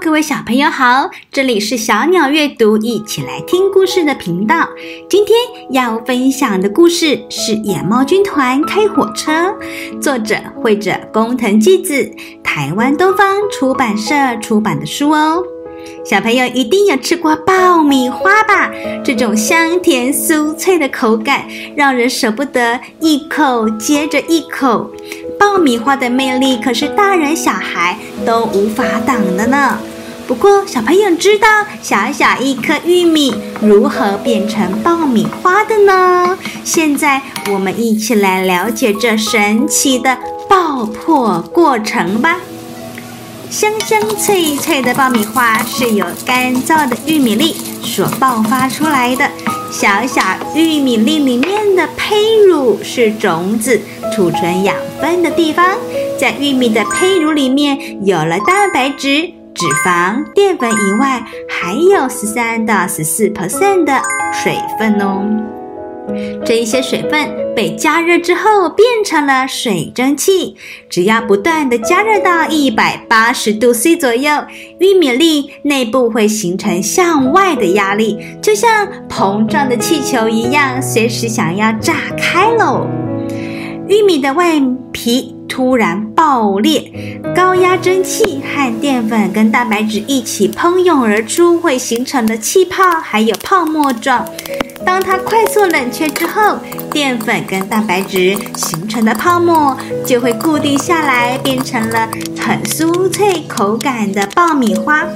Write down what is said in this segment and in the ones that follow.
各位小朋友好，這裡是小鳥閱讀，一起來聽故事的頻道。今天要分享的故事是《野貓軍團開火車》，作者繪者工藤紀子，台灣東方出版社出版的書哦。小朋友一定有吃過爆米花吧？這種香甜酥脆的口感，讓人捨不得一口接着一口。爆米花的魅力可是大人小孩都無法擋的呢。不過小朋友知道小小一顆玉米如何變成爆米花的呢？現在我們一起來了解這神奇的爆破過程吧。香香脆脆的爆米花是由乾燥的玉米粒所爆發出來的。小小玉米粒裡面的胚乳是種子儲存養分的地方，在玉米的胚乳裡面，有了蛋白質、脂肪、澱粉以外，還有十三到十四%的水分哦！這一些水分被加熱之後變成了水蒸氣，只要不斷地加熱到一百八十度 C 左右，玉米粒內部會形成向外的壓力，就像膨脹的氣球一樣，隨時想要炸開嘍。玉米的外皮。突然爆裂，高壓蒸汽和澱粉跟蛋白質一起噴湧而出，會形成的氣泡還有泡沫狀。當它快速冷卻之後，澱粉跟蛋白質形成的泡沫就會固定下來，變成了很酥脆口感的爆米花。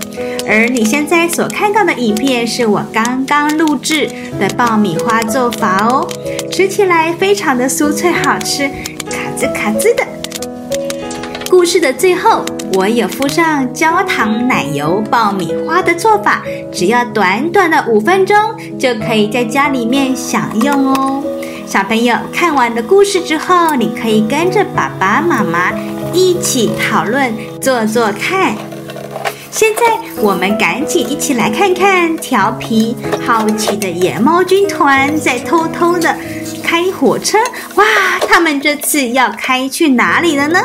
而你現在所看到的影片是我剛剛錄製的爆米花做法哦，吃起來非常的酥脆好吃，咔吱咔吱的。故事的最後，我也附上焦糖奶油爆米花的做法，只要短短的五分鐘，就可以在家裡面享用哦。小朋友看完的故事之後，你可以跟着爸爸媽媽一起討論做做看。現在我們趕緊一起來看看，調皮好奇的野貓軍團在偷偷的開火車。哇，他們這次要開去哪裡了呢？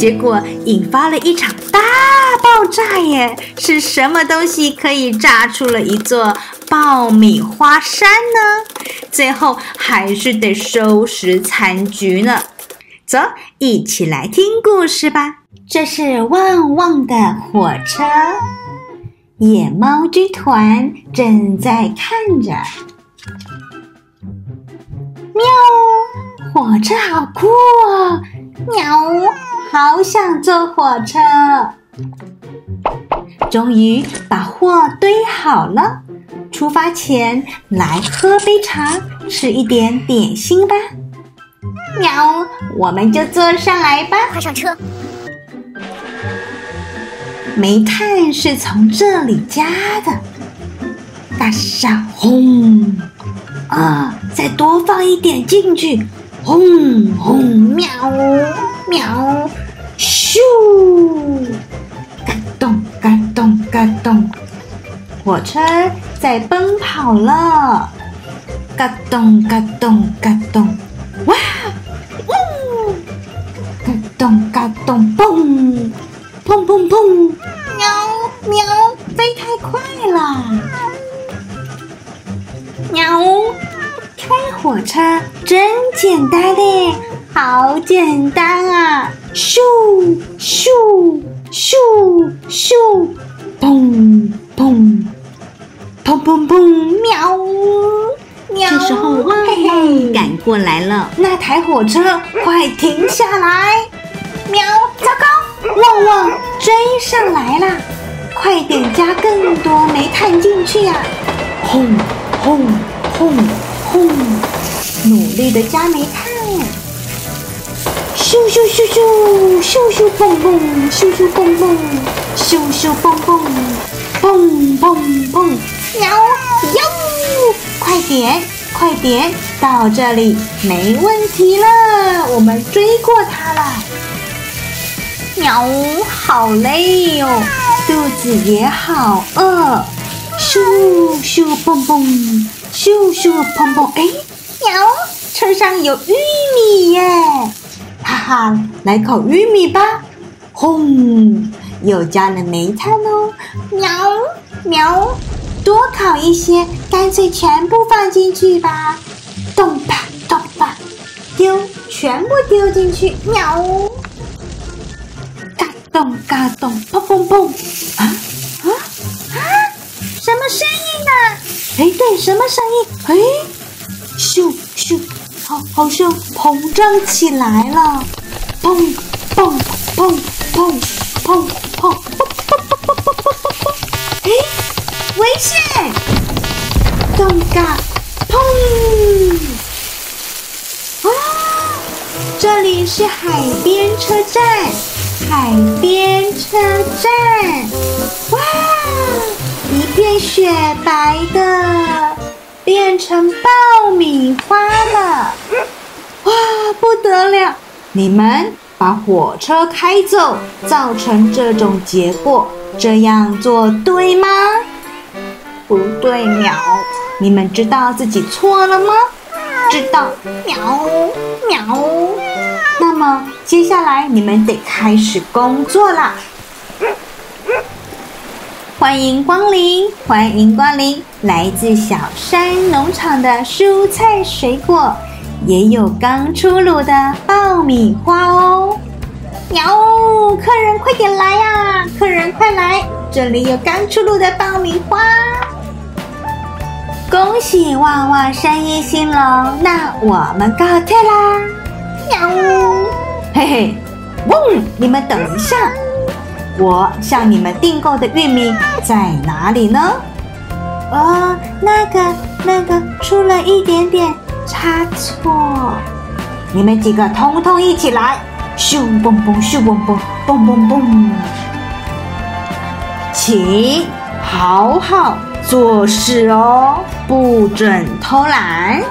結果引發了一場大爆炸耶！是什麼東西可以炸出了一座爆米花山呢？最後還是得收拾殘局呢。走，一起來聽故事吧。這是汪汪的火車，野貓軍團正在看着。喵！火車好酷哦！喵。好想坐火車！終於把貨堆好了，出發前來喝杯茶，吃一點點心吧。喵，我們就坐上來吧。快上車！煤炭是從這裡加的，大山轟啊！再多放一點進去，轟轟喵喵。喵喵喵嘎咚，火車在奔跑了，嘎咚嘎咚嘎咚，哇，嗚、嗯，嘎咚嘎咚砰，砰砰砰，喵喵，飛太快了，喵，開火車真簡單嘞，好簡單啊，咻咻咻咻。砰砰砰砰砰！喵喵，這時候旺旺趕過來了。那台火車快停下來！喵，糟糕，旺旺哇追上來啦！嗯，快點加更多煤炭進去呀，啊！轟轟轟轟，努力的加煤炭。咻咻咻咻，咻咻蹦蹦，咻咻蹦蹦，咻咻蹦蹦，咻咻蹦，蹦，蹦蹦蹦。喵！呦快點，快點，到這裡沒問題了，我們追過它了。喵，好累喲、哦，肚子也好餓。咻喵喵咻蹦蹦，咻咻蹦蹦，哎，喵，車、呃、上有玉米耶。好，來烤玉米吧！轟，又加了煤炭哦。喵喵，多烤一些，乾脆全部放進去吧！咚啪咚啪，丟，全部丟進去！喵，嘎咚嘎咚，砰砰砰！啊啊啊！什麼聲音呢？哎，對，什麼聲音？哎，咻咻，咻，咻，好，好像膨脹起來了。砰砰砰砰砰砰砰砰砰砰砰砰！哎，危險！尷尬！砰！哇，這裡是海邊車站，海邊車站！哇，一片雪白的，變成爆米花了！哇，不得了！你們把火車開走，造成這種結果，這樣做對嗎？不對，喵，你們知道自己錯了嗎？嗯、知道，喵，喵。那麼接下來你們得開始工作啦。嗯嗯、歡迎光臨，歡迎光臨，來自小山農場的蔬菜水果。也有剛出爐的爆米花哦！喵嗚，客人快點來呀，啊！客人快來，這裡有剛出爐的爆米花。恭喜旺旺生意興隆，那我們告退啦。喵嗚，嘿嘿，嗡，哦，你們等一下，我向你們訂購的玉米在哪裡呢？哦，那個，那個出了一點點差錯！你們幾個通通一起來！咻嘣嘣，咻嘣嘣，嘣嘣嘣！請好好做事哦，不准偷懶。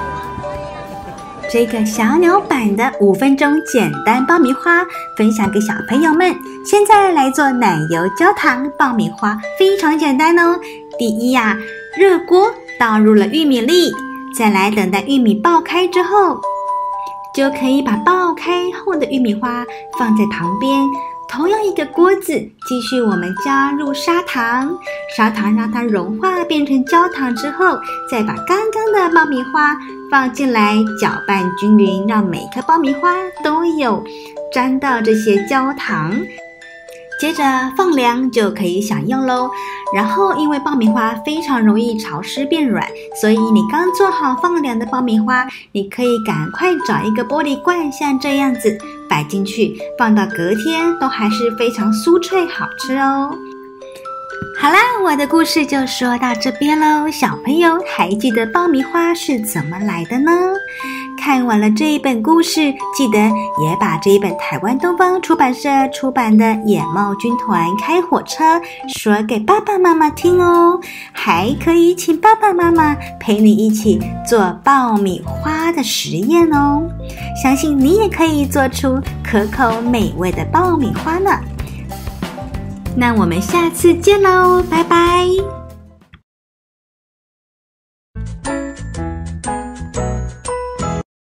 這個小鳥版的五分鐘簡單爆米花分享給小朋友們。現在來做奶油焦糖爆米花，非常簡單哦。第一呀，熱鍋倒入了玉米粒。再來等待玉米爆開之後，就可以把爆開後的玉米花放在旁邊。同樣一個鍋子，繼續我們加入砂糖，砂糖讓它融化變成焦糖之後，再把剛剛的爆米花放進來攪拌均勻，讓每顆爆米花都有沾到這些焦糖。接着放涼就可以享用嘍。然後，因為爆米花非常容易潮濕變軟，所以你剛做好放涼的爆米花，你可以趕快找一個玻璃罐，像這樣子擺進去，放到隔天都還是非常酥脆好吃哦。好啦，我的故事就說到這邊嘍。小朋友還記得爆米花是怎麼來的呢？看完了這一本故事，記得也把這一本台灣東方出版社出版的《野貓軍團開火車》說給爸爸媽媽聽哦。還可以請爸爸媽媽陪你一起做爆米花的實驗哦，相信你也可以做出可口美味的爆米花呢。那我們下次見嘍，拜拜。